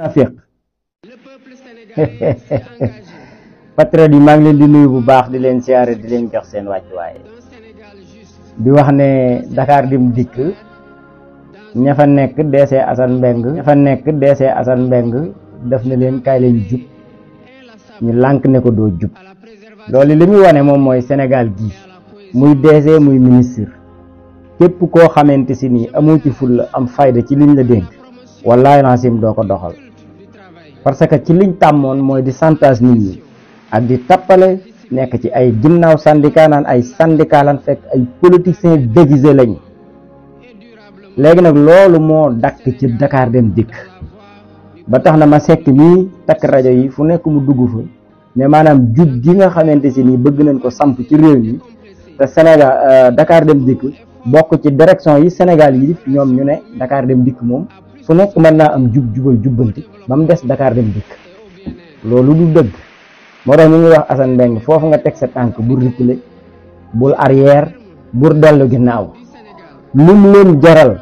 naafiq patriote yi maa ngi di nuyu bu baax di leen siyaare di leen jox seen wàccuwaay di wax ne Dakar Dem Dikk ña fa nekk DC Assane Mbengue ña def na leen kaay leen jub ñu lànk ne ko doo jub loolu li muy moom mooy Sénégal gi muy DC muy ministre képp koo xamante si nii amoo ci fulla am fayda ci liñ la dénk wallaay lancim doo ko doxal parce que ci liñ tàmmoon mooy di chantage nit ñi ak di tappale nekk ci ay ginnaaw syndicat ay syndicat lan fekk ay politiciens déguisés lañ léegi nag loolu moo dakk ci Dakar dem dikk ba tax na ma sekk mii takk rajo yi fu nekk mu dugg fa ne maanaam jub gi nga xamante si nii bëgg nañ ko samp ci réew mi te Sénégal euh, Dakar dem dikk bokk ci direction yi Sénégal yi ñoom ñu ne Dakar dem dikk moom fu nekk mën naa am jub jubal jubbanti ba mu des Dakar dem dikk loolu du dëgg moo tax ñu ngi wax Assane Mbengue foofu nga teg sa tànk bul reculer bul arrière bul dellu ginnaaw lum leen jaral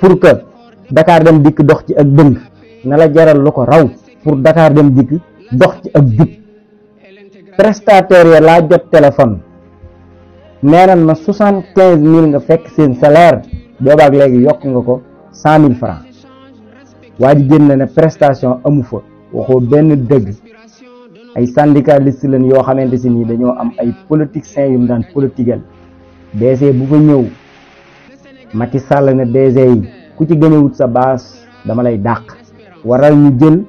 pour que Dakar dem dikk dox ci ak dëng na la jaral lu ko raw pour dakaar dem dikk dox ci ak jub prestataire ya laa jot téléphone nee nan ma soixante quinze mille nga fekk seen salaire boobaak léegi yokk nga ko cent mille francs waa ji génn na prestation amu fa waxoo benn dëgg ay syndicaliste lañ yoo xamante si nii dañoo am ay politiciens yu mu daan politigal DG bu fa ñëw Macky Sall ne DG yi ku ci gën wut sa baas dama lay dàq waral ñu jël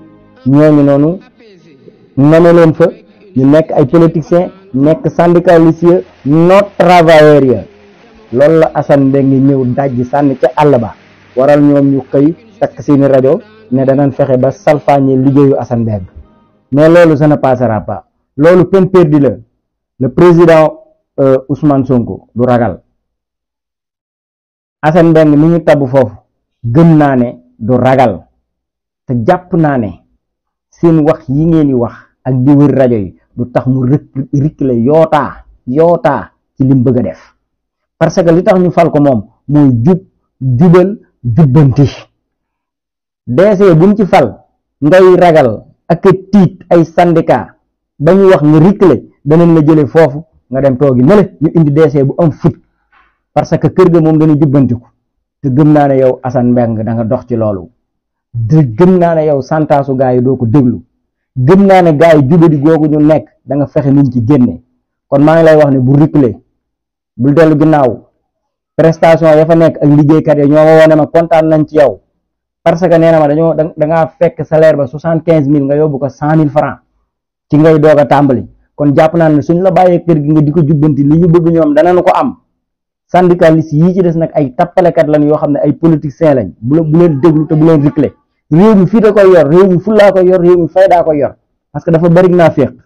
ñooñu noonu nome leen fa ñu nekk ay politiciens nekk syndicaliste noot travailleurs ya loolu la Assane Mbengue ñëw dajji sànni ca àll ba waral ñoom ñu xëy tak seeni radio ne nañ fexé ba salfaañe ligéyu Assane Mbeng mais lolu ça ne passera pas lolu peine perdue le président euh, Ousmane Sonko du ragal Assane Mbeng mi ñu tabb fofu gëm naa ne du ragal te japp yota yota seen wax yi ngeen di wax ak di wër radio yi du tax mu rëkk rikk la yota ci lim bëgg def parce que li tax ñu fal ko mom moy jub jubal DC buñ ci fal ngay ragal ak tiit ay syndicat ba ñu wax nga reculer danañ la jëlee foofu nga dem toogi nële ñu indi DC bu am fit parce que kër ga moom dana jubbantiku te gëm naa ne yow Assane Mbeng da nga dox ci loolu te gëm naa ne yow santaasu gaa yi doo ko déglu gëm naa ne gaa yi jubadi googu ñu nekk da nga fexe nuñ ci génne kon maa ngi lay wax ne bu reculer bu dellu ginnaaw prestation ya fa nekk ak liggéeykat yi ñoo ma wone ma kontaan nañ ci yow parce que nee na ma dañoo da ngaa fekk salaire ba soixante quinze mille nga yóbbu ko cent mille franc ci ngay doog tàmbali kon jàpp naa ne suñ la bàyyee kër gi nga di ko jubbanti li ñu bëgg ñoom danañ ko am syndicaliste yii ci des nag ay tappalekat lañ yoo xam ne ay politiciens lañ bu bu leen te bu leen réew mi fii da koy yor réew mi fullaa koy yor réew mi faydaa koy yor parce que dafa bari naa féq